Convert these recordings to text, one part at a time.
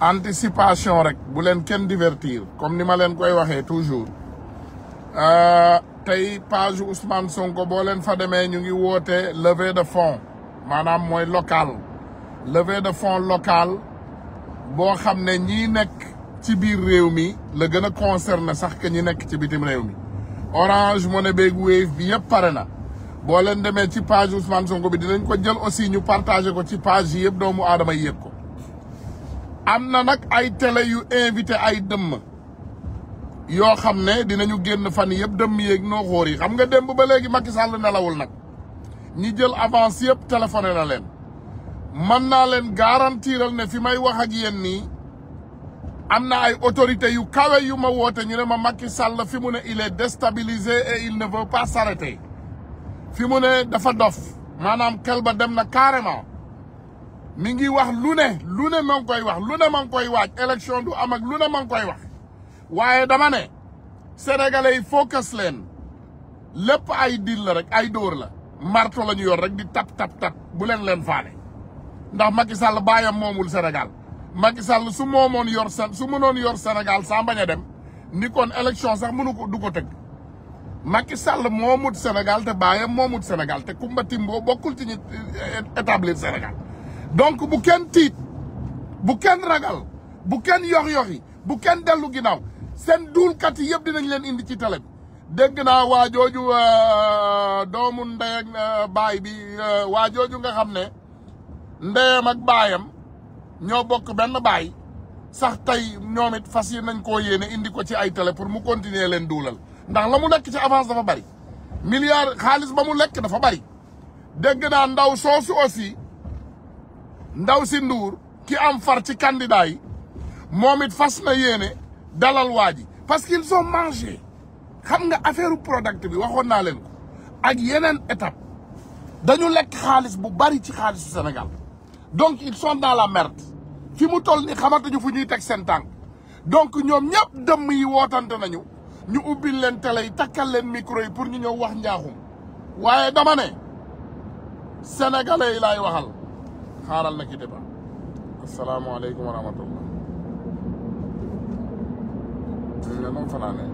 anticipation rek bu leen kenn divertir comme ni ma leen koy waxee toujours euh, tey page Ousmane Sonko boo leen fa demee ñu ngi woote levée de fonds maanaam mooy local levée de fonds local boo xam ne ñii nekk ci biir réew mi la gën a concerné sax que ñi nekk ci bitim réew mi Orange Money ne Wave bi yëpp pare na boo leen demee ci page Ousmane Sonko bi dinañ ko jël aussi ñu partagé ko ci page yi yëpp doomu aadama yi yëg ko am na nag ay télé yu invité ay dëmm yoo xam ne dinañu génn fan yëpp dëmm yeeg noo xóor yi xam nga démb ba léegi Macky Sall nelawul nag ñi jël avance yëpp téléphoné na leen man naa leen garantiral ne fi may wax ak yéen am na ay autorité yu kawe yu ma woote ñu ne ma Macky Sall fi mu ne ilee est déstabilisé et il ne veut pas s'arrêter fi mu ne dafa dof maanaam xel ba dem na carrément mi ngi wax lu ne lu ne ma ngi koy wax lu ne ma ngi koy waaj du am ak lu ne ma ngi wax waaye dama ne sénégalais yi focus leen lépp ay dil la rek ay dóor la marto la ñu yor rek di tap tap tap bu leen leen faale ndax ma Macky Sall baaya moomul Sénégal Macky Sall su moomoon yor seen su mënoon yor Sénégal saa bañ dem ni kon élection sax mënu ko du ko tëgg Macky Sall moomut senegal te baayam moomut senegal te Kumba Timbo bokkul ci ñu établir Sénégal donc bu kenn tiit bu kenn ragal bu kenn yox-yoxi bu kenn dellu ginnaaw seen duulkat yi yëpp dinañ leen indi ci télé bi dégg naa waa jooju euh, doomu ndey ak euh, baay bi euh, waa jooju nga xam ne ndeyam ak baayam ñoo bokk benn baay sax tey ñoom it fas yi nañ koo yéene indi ko ci ay télé pour mu continuer leen duulal ndax la mu nekk ci avance dafa bari milliard xaalis ba mu lekk dafa bari dégg naa ndaw soosu aussi ndaw si Ndour ki am far ci candidat yi moom it fas na yéene dalal waa ji parce qu'ils ont mangé xam nga affaire product bi waxoon naa leen ko ak yeneen étape dañu lekk xaalis bu bari ci xaalisu Sénégal donc ils sont dans la merde fi mu toll ni xamatuñu fu ñuy teg seen tànk donc ñoom ñëpp dëmm yi wootante nañu ñu ubbil leen télé yi takkal leen micro yi pour ñu ñëw wax njaaxum waaye dama ne sénégalais yi laay waxal xaaral na ci débat asalaamaaleykum wa rahmatullah ne noom fanaane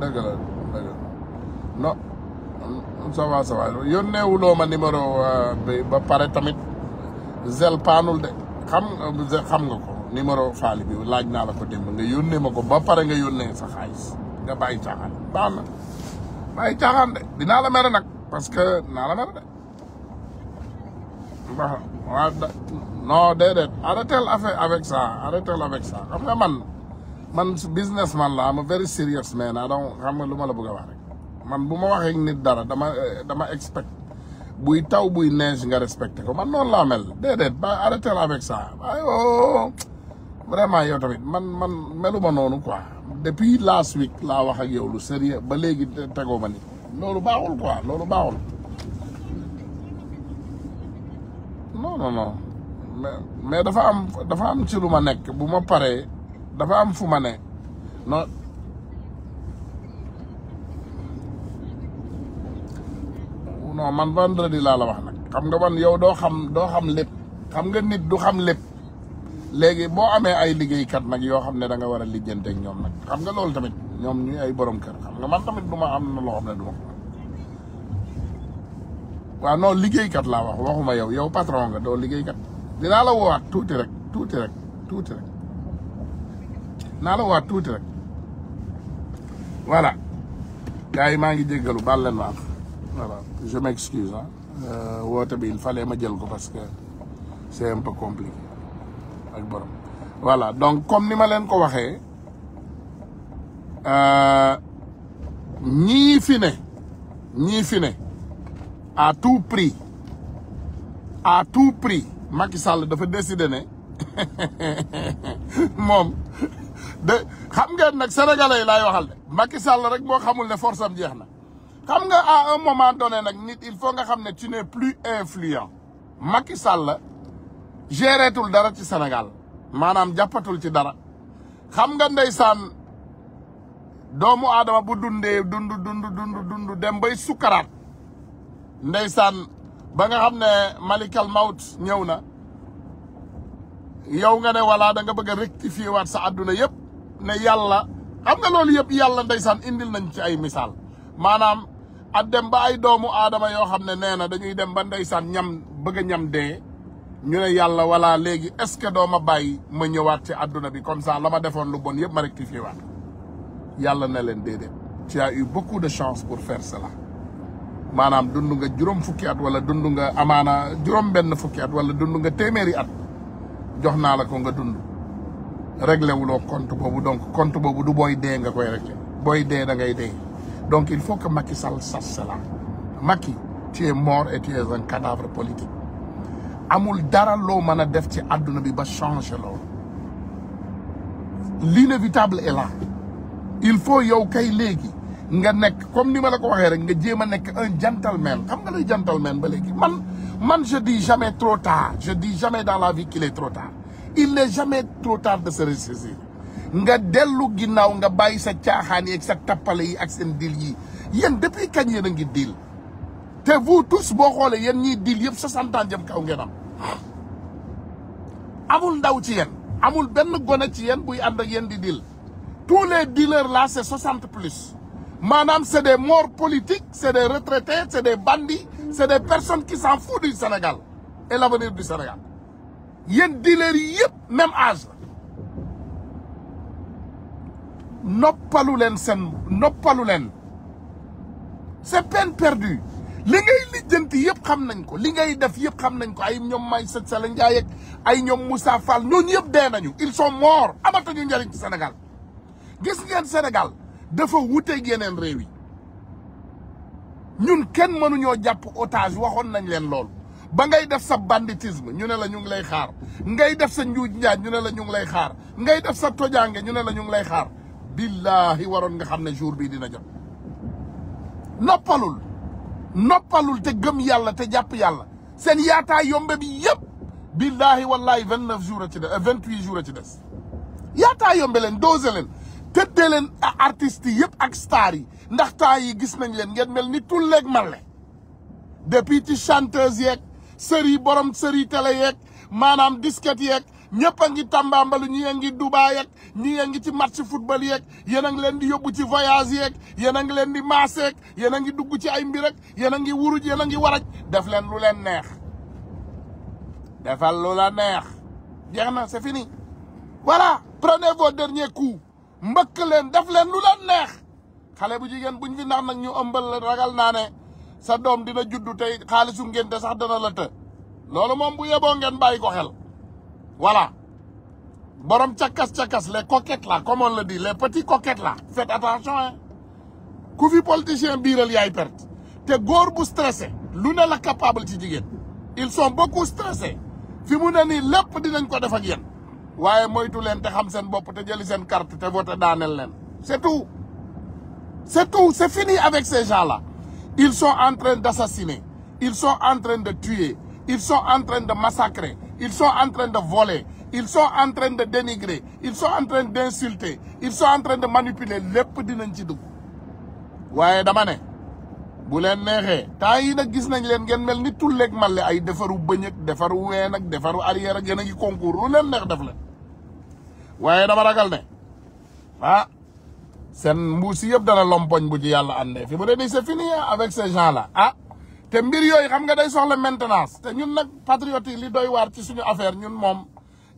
dëgg la dëgg no ça va ça va yónneewuloo ma numéro ba pare tamit zel paanul de xam xam nga ko numéro faali bi laaj naa la ko démb nga yónnee ma ko ba pare nga yónnee sa xaalis nga bàyyi caaxaan baax caaxaan de dinaa la mere nag parce que naa la mer de waaw non déedéet arrêtel affaire avec ça arrêtel avec ça xam nga man man business man la am very serious man ah donc xam lu ma la bëgg wax man bu ma waxee nit dara dama eh, dama expect buy taw buy neige nga respecté ko man noonu laa mel déedéet ba arrêtel avec ça ayoo vraiment yow tamit man man meluma noonu quoi depuis last week laa wax ak yow lu sérieux ba léegi tego ma ni loolu baaxul quoi loolu baaxul non non non mais dafa am dafa am ci lu ma nekk bu ma paree dafa am fu ma ne non non man vendredi laa la wax nag xam nga man yow doo xam doo xam lépp xam nga nit du xam lépp léegi boo amee ay liggéeykat nag yoo xam ne da nga war a lijjante ñoom nag xam nga loolu tamit. ñoom ñuy ay borom kër xam nga man tamit du ma am na loo xam ne du ma ko waaw non liggéeykat laa wax waxuma yow yow patron nga doo liggéeykat dinaa la woowaat tuuti rek tuuti rek tuuti rek naa la woowaat tuuti rek voilà gars yi maa ngi jéggalu baal leen waax voilà je m'excuse ah woote bi il fallait ma jël ko parce que c'est un peu compliqué ak borom voilà donc comme ni ma leen ko waxee Euh, ñii fi ne ñii fi ne à tout prix à tout prix Macky Sall dafa décider ne moom de xam ngeen nag sénégalais yi laay waxal de Macky Sall rek boo xamul ne force am jeex na xam nga à un moment donné nag nit il faut nga xam ne tu n'es plus influent Macky Sall géreetul dara ci Sénégal maanaam jàppatul ci dara xam nga ndeysaan doomu aadama bu dundee dund dund dund dund dem bay sukkaraat ndeysaan ba nga xam ne malikal maut ñëw na yow nga ne wala da nga bëgg a rectifier waat sa àdduna yëpp ne yàlla xam nga loolu yëpp yàlla ndeysaan indil nañ ci ay misaal maanaam at dem ba ay doomu aadama yoo xam ne nee na dañuy dem ba ndeysaan ñam bëgg ñam dee ñu ne yàlla wala léegi est-ce que doo ma bàyyi ma ñëwaat ci àdduna bi comme ça la ma defoon lu bon yëpp ma rectifier waat yàlla na leen déedéet tu as eu beaucoup de chance pour faire cela maanaam dund nga juróom fukki at wala dund nga amaana juróom benn fukki at wala dund nga téeméeri at jox naa la ko nga dund régléwuloo wuloo compte boobu donc compte boobu du booy dee nga koy réglé booy dee da ngay dee donc il faut que Macky Sall sache cela Macky tu es mort et tu es un cadavre politique amul dara loo mën a def ci àdduna bi ba changé loo l'inévitable est là il faut yow kay léegi nga nekk comme ni ma la ko waxee rek nga jéem a nekk un gentleman xam nga lay gentleman ba léegi man man je dis jamais trop tard je dis jamais dans la vie qu'il est trop tard il n'est jamais trop tard de se ressaisir nga dellu ginnaaw nga bàyyi sa caaxaan yi ak sa tappale yi ak seen dil yi yéen depuis kañ yéen a ngi dil te vous tous boo xoolee yéen ñiy dil yëpp soixante ans jëm kaw ngeen am amul ndaw ci yen amul benn gone ci yéen buy ànd ak yéen di dil tous les dealers là c'est soixante plus maanaam c'est des morts politiques c'est des retraités c'est des bandits c'est des personnes qui s'en foutent du Sénégal et l'avenir du Sénégal yéen dealers yi yëpp même âge noppalu leen seen noppalu leen c'est peine perdue li ngay lijjanti yëpp xam nañ ko li ngay def yëpp xam nañ ko ay ñoom may se Sala Ndiaye ak ay ñoom Moussa Fall ñooñu yëpp dee nañu ils sont morts ñu njëriñ ci Sénégal gis ngeen Sénégal dafa wuteeg yeneen réew yi ñun kenn mënuñoo jàpp otage waxoon nañ leen lool ba ngay def sa banditisme ñu ne la ñu ngi lay xaar ngay def sa njuuj njaaj ñu ne la ñu ngi lay xaar ngay def sa tojaange ñu la ñu ngi lay xaar billaahi waroon nga xam ne jour bii dina jot noppalul noppalul te gëm yàlla te jàpp yàlla seen yaataay yombe bi yëpp billaahi wallaahi vingt neuf jours a ci des euh, vingt huit jours a ci des yaataa yombe leen dose leen tëddee leen artistes yi yëpp ak star yi ndax temps yi gis nañ leen ngeen mel ni tulleeg male depuis ci chanteuse yeeg série borom série télé yeeg maanaam disquette yeeg ñëpp a ngi tàmbaambalu ñi a ngi Dubaay ak ñi a ngi ci match football yeeg yéen a ngi leen di yóbbu ci voyage yeeg yéen a ngi leen di maaseeg yéen a ngi dugg ci ay mbir ak yéen a ngi wuruj yéen a ngi waraj def leen lu leen neex defal lu la neex jeex na c'est fini voilà prenez vos derniers coups mbëkk leen def leen lu la neex xale bu jigéen buñ fi nax nag ñu ëmbal ragal naa ne sa doom dina juddu tey xaalisu ngénte sax dana la të loolu moom bu yeboo ngeen bàyyi ko xel voilà borom cakkas-cakkas les coquettes là comme on le dit les petits coquettes là faites attention hein ku fi politicien biiral yaay perte te góor bu stressé lu ne la capable ci jigéen ils sont beaucoup stressés fi mu ne nii lépp dinañ ko def ak yéen waaye moytu leen te xam seen bopp te jëli seen carte te voté daaneel leen c'est tout c'est tout c'est fini avec ces gens-là ils sont en train d'assassiner ils sont en de tuer ils sont en train de massacrer ils sont en train de voler ils sont en train de dénigrer ils sont en train d'insulter ils sont en de manipuler lépp dinañ ci dugg waaye dama ne bu leen neexee temps yi nag gis nañ leen ngeen mel ni tulleeg male ay defaru bëñ defaru ween ak defaru arrière ak yéen a ngi concours lu leen neex def leen waaye dama ragal ne ah seen mbuus yëpp dana lompoñ bu ci yàlla àndee fi mu ne nii c'est fini avec ces gens là ah, te mbir yooyu xam nga day soxla maintenance te ñun nag patriotes yi li doy waar ci suñu affaire ñun moom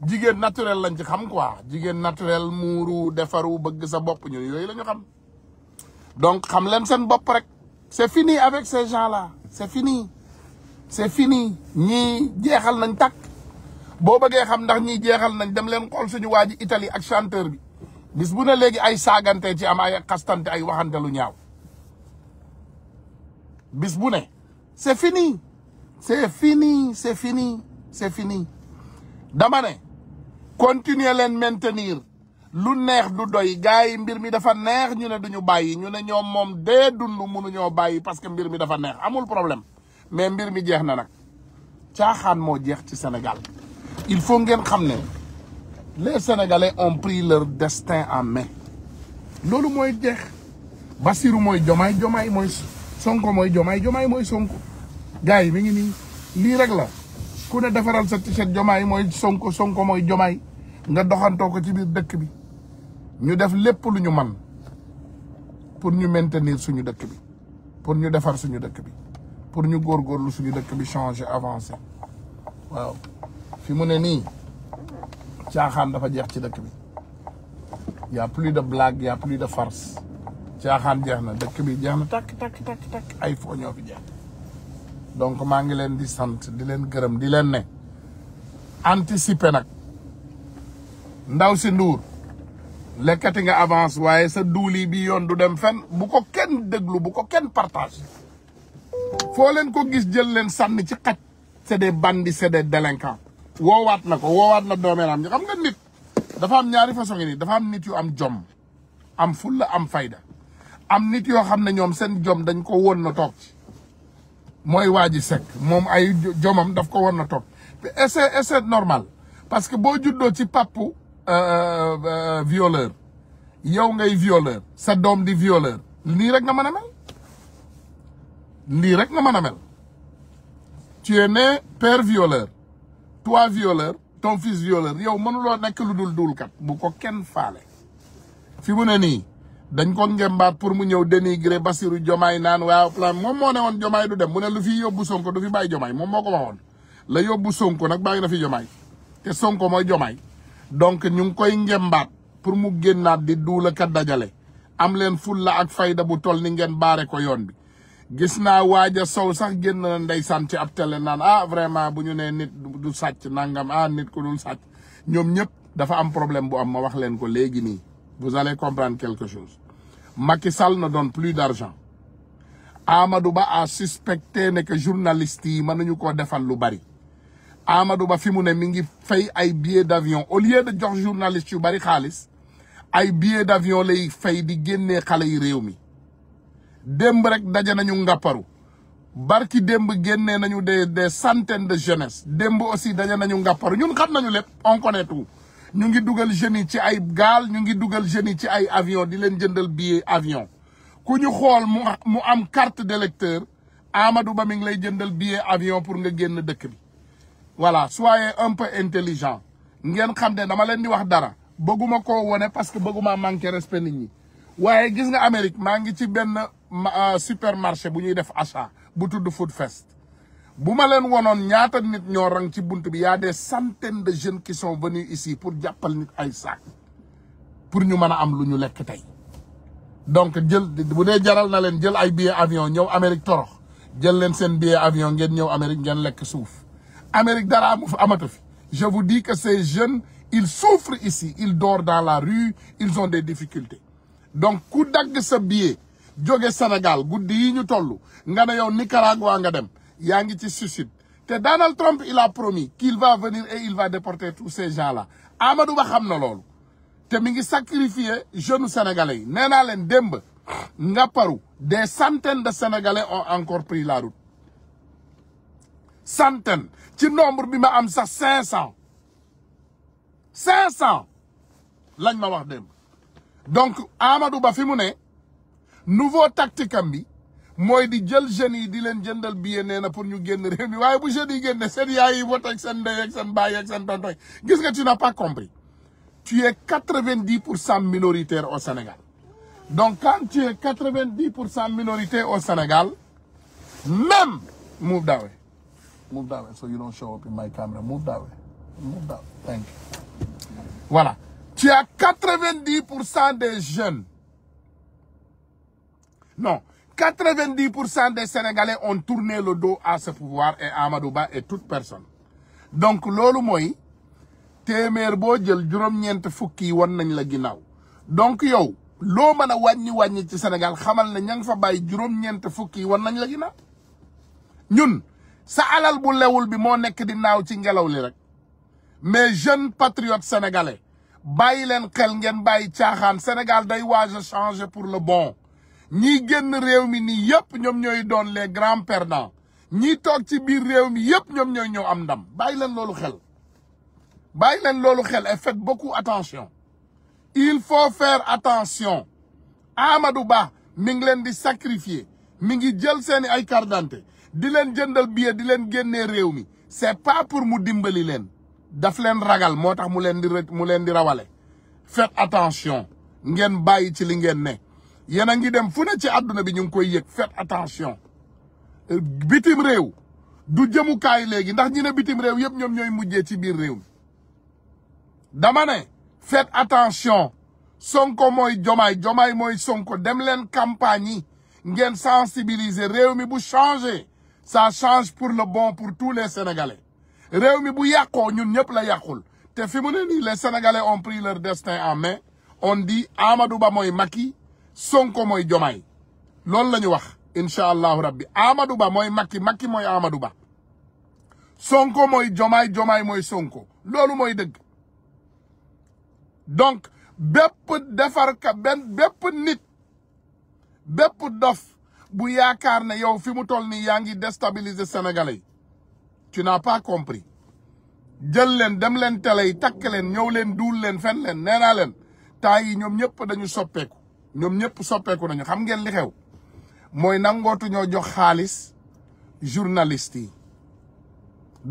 jigéen naturel lañ ci xam quoi jigéen naturel muuru defaru bëgg sa bopp ñun yooyu la ñu xam donc xam leen seen bopp rek c'est fini avec ces gens là c'est fini c'est fini ñii jeexal nañ tàkk boo bëggee xam ndax ñi jeexal nañ dem leen xool suñu waa ji Italie ak chanteur bi bis bu ne léegi ay saagante ci am ay xastante ay waxante lu ñaaw bis bu ne c'est fini c'est fini c'est fini c'est fini dama ne continuer leen maintenir lu neex du doy gars yi mbir mi dafa neex ñu ne duñu bàyyi ñu ne ñoom moom dee dund mënuñoo bàyyi parce que mbir mi dafa neex amul problème mais mbir mi jeex na nag caaxaan moo jeex ci senegal il faut ngeen xam ne les sénégalais ont pris leur destin en mais loolu mooy jeex Bassirou mooy jomaay jomaay mooy sonko mooy jomaay jomaay mooy sonko gars yi mi ngi nii lii rek la ku ne defaral sa t-shirt jomaay mooy sonko sonko mooy jomaay nga doxantoo ko ci biir dëkk bi ñu def lépp lu ñu man pour ñu maintenir suñu dëkk bi pour ñu defar suñu dëkk bi pour ñu góor góor lu suñu dëkk bi changé avancer waaw fi mu ne nii caaxaan dafa jeex ci dëkk bi y a plus de blague y a plus de farce caaxaan jeex na dëkk bi jeex na takk takk takk takk ay foo ñoo jeex donc maa ngi leen di sant di leen gërëm di leen ne anticiper nag ndaw si nduur lekkati nga avance waaye sa duuli bi yoon du dem fenn bu ko kenn déglu bu ko kenn partage foo leen ko gis jël leen sànni ci xaj c'est des bandits c'est des délinquants woowaat na ko woowaat na doomeeraam xam nga nit dafa am ñaari façon yi dafa am nit yu am jom am fulla am fayda am nit yoo xam ne ñoom seen jom dañ ko won na toog ci mooy waa ji sekk moom ay jomam daf ko won na toog et c'est normal parce que boo juddoo ci pappu euh, euh, euh, violeur yow ngay violeur sa doom di violeur nii rek nga mën a mel nii rek nga mën a mel tu es violeur toi violeur ton fils violeur yow mënuloo nekk lu dul kat bu ko kenn faale fi mu ne nii dañ ko ngembaat pour mu ñëw dénigrer Bassirou Diomaye naan waaw plan moom moo ne woon Diomaye du dem mu ne lu fi yóbbu Sonko du fi bàyyi Diomaye moom moo ko waxoon la yóbbu Sonko nag bàyyi na fi Diomaye te Sonko mooy Diomaye donc ñu ngi koy ngembaat pour mu génnaat di duulakat dajale am leen la ak fayda bu toll ni ngeen baare ko yoon bi gis naa waaja sow sax génn na ndeysaan ci ab télé naan ah vraiment bu ñu nee nit du sàcc nangam ah nit ku dul sàcc ñoom ñëpp dafa am problème bu am ma wax leen ko léegi nii vous allez comprendre quelque chose Macky Sall ne donne plus d'argent Amadou Ba a suspecté ne que journaliste yi mën nañu ko defan lu bari Amadou Ba fi mu ne mi ngi fay ay billets d'avion au lieu de jox journaliste yu bari xaalis ay billets d'avion lay fay di génnee xale yi réew mi démb rek daje nañu ngàpparu barki démb génnee nañu des des centaines de jeunesse démb aussi daje nañu ngàpparu ñun xam nañu lépp on connaît tout ñu ngi dugal jeunes yi ci ay gaal ñu ngi dugal jeunes yi ci ay avion di leen jëndal billet avion ku ñu xool mu mu am carte d'électeur Amadou Ba mi ngi lay jëndal billet avion pour nga génn dëkk bi voilà soyez un peu intelligent ngeen xam ne dama leen di wax dara bëgguma koo wone parce que bëgguma manqué respect nit ñi waaye maa ngi ci benn Euh, supermarché bu ñuy def achat bu tudd Food Fest bu ma leen wonoon ñaata nit ñoo rang ci bunt bi y des centaines de jeunes qui sont venus ici pour jàppal nit ay saak pour ñu mën a am lu ñu lekk tey donc jël bu dee jaral na leen jël ay billet avion ñëw Amérique torox jël leen seen billet avion ngeen ñëw Amérique ngeen lekk suuf Amérique dara amu fi amatu fi je vous dis que ces jeunes ils souffrent ici ils dorment dans la rue ils ont des difficultés donc ku dagg sa billet jóge Sénégal guddi yi ñu toll nga ne yow Nicaragua nga dem yaa ngi ci suicide te Donald Trump il a promis qu'il va venir et il va déporter tous ces gens-là Amadou Ba xam na loolu te mi ngi sacrifier jeune sénégalais yi nee naa leen démb nga paru des centaines de sénégalais ont encore pris la route centaines ci nombre bi ma am sax cinq cent cinq lañ ma wax démb donc Amadou Ba fi mu ne nouveau tactique am bi mooy di jël jeunes yi di leen jëndal billet nee na pour ñu génn réew mi waaye bu jeunes yi génne seen yaay yi vote ak seen ndey ak seen baay ak seen tonton gis nga tu n'as pas compris tu es quatre-vingt-dix pour cent minoritaire au senegal donc quand tu es quatre-vingt-dix pour cent au senegal même move that way move that way so you don't show up pour cent des jeunes Non. 90% des Sénégalais ont tourné le dos à ce pouvoir et à Amadouba et toute personne. Donc, loolu mooy téeméer boo jël djurom ñent fukki won nañ la ginaaw. Donc yow, loo mën a wàññi wàññi ci Sénégal xamal na ñang fa bàyyi djurom ñent fukki won nañ la ginaaw. Ñun sa alal bu lewul bi moo nekk di naaw ci ngelaw li rek. Mais jeunes patriotes sénégalais, bàyyi leen xel ngeen bàyyi tiaxaan Sénégal day waja changé pour le bon. ñii génn réew mi nii yëpp ñoom ñooy doon les grands perdants ñii toog ci biir réew mi yëpp ñoom ñooy ñëw am ndam bàyyi leen loolu xel bàyyi leen loolu xel et faites beaucoup attention il faut faire attention Amadou Ba mi ngi leen di sacrifier mi ngi jël seeni ay carte di leen jëndal billet di leen génnee réew mi c'est pas pour mu dimbali leen daf leen ragal moo tax mu leen di mu leen di rawale faites attention ngeen bàyyi ci li ngeen ne yéen a ngi dem fu ne ci àdduna bi ñu ngi koy yëg faites attention bitim réew du jëmukaay léegi ndax ñi ne bitim réew yëpp ñoom ñooy mujjee ci biir réew mi dama ne faites attention sonko mooy jomaay jomaay mooy sonko dem leen campagne ngeen sensibiliser réew mi bu changer ça change pour le bon pour tous les sénégalais réew mi bu yàqoo ñun ñëpp la yàqul te fi mu ne nii les sénégalais ont pris leur destin en main on dit Amadou Ba mooy Macky Sonko mooy Jomaay loolu la ñu wax incha allahu rabbi Amadou Ba mooy Macky Macky mooy Amadou Ba Sonko mooy Jomaay Jomaay mooy Sonko loolu mooy dëgg donc bépp defarka benn bépp nit bépp dof bu yaakaar ne yow fi mu toll nii yaa ngi déstabiliser sénégalais yi tu n'as compris jël leen dem leen télé yi takk leen ñëw leen duul leen fen leen nee leen temps yi ñoom ñëpp dañu soppeeku ñoom ñëpp soppeeku nañu xam ngeen li xew mooy nangootu ñoo jox xaalis journaliste yi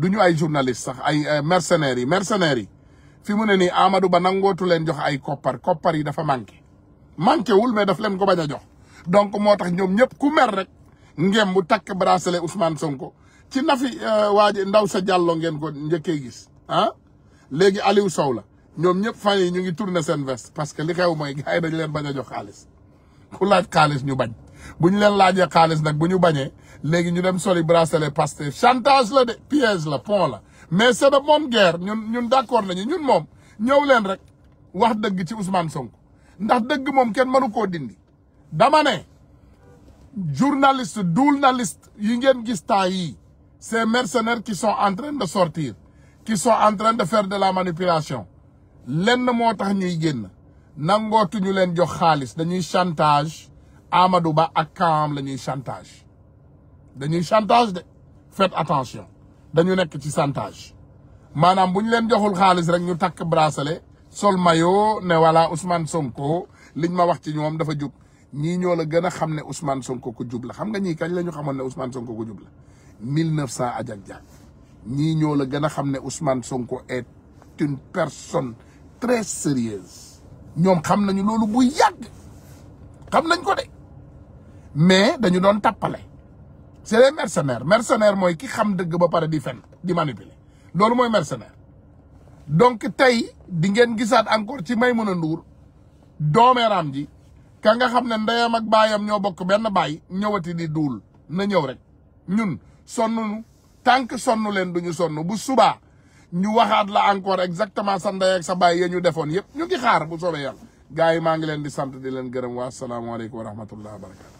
du ñu ay journaliste sax ay mercenaires yi mercenaires yi fi mu ne nii Amadou Ba nangootu leen jox ay koppar koppar yi dafa manqué manqué wul mais daf leen ko bañ a jox donc moo tax ñoom ñëpp ku mer rek ngem bu takk bracelet Ousmane Sonko ci na fi euh, waa ji ndaw sa jàlloo ngeen ko njëkkee gis ah léegi Aliou Sow la ñoom ñëpp fan ñu ngi tourner seen veste parce que li xew mooy gars yi leen bañ a jox xaalis ku laaj xaalis ñu bañ bu ñu leen laajee xaalis nag bu ñu bañee léegi ñu dem soli bracelet Pastef chantage la de piège la la mais c'est de bonne guerre ñun ñun d'accord nañu ñun moom ñëw leen rek wax dëgg ci Ousmane Sonko ndax dëgg moom kenn mënu koo dindi dama ne journaliste journaliste yi ngeen gis temps yii ces mercenaires qui sont en de sortir qui son en train de faire de la manipulation lenn moo tax ñuy génn nangootuñu leen jox xaalis dañuy chantage Amadou Ba ak Kaam la ñuy chantage dañuy chantage de faites attention dañu nekk ci chantage maanaam bu ñu leen joxul xaalis rek ñu takk bracelet sol maillot ne voilà Ousmane Sonko liñ ma wax ci ñoom dafa jub ñii ñoo la gën a xam ne Ousmane Sonko ku jub la xam nga ñii kañ la ñu xamoon ne Ousmane Sonko ku jub mille neuf cent ajak jak ñii ñoo la gën a xam ne Ousmane Sonko est une personne très sérieuse ñoom xam nañu loolu bu yàgg xam nañ ko de mais dañu doon tappale c'est les mercenaires mercenaire mooy ki xam dëgg ba pare di fen di manipuler loolu mooy mercenaire donc tey di ngeen gisaat encore ci may Maimouna Ndour doomeeraam ji ka nga xam ne ndeyam ak baayam ñoo bokk benn baay ñëwati di duul na ñëw rek ñun sonn nu tànk sonn leen duñu sonn bu subaa ñu waxaat la encore exactement sa ndey ak sa baay yee ñu defoon yëpp ñu ngi xaar bu soobee yàlla gars yi maa ngi leen di sant di leen gërëm waa asalaamaaleykum wa rahmatullah wa barakatu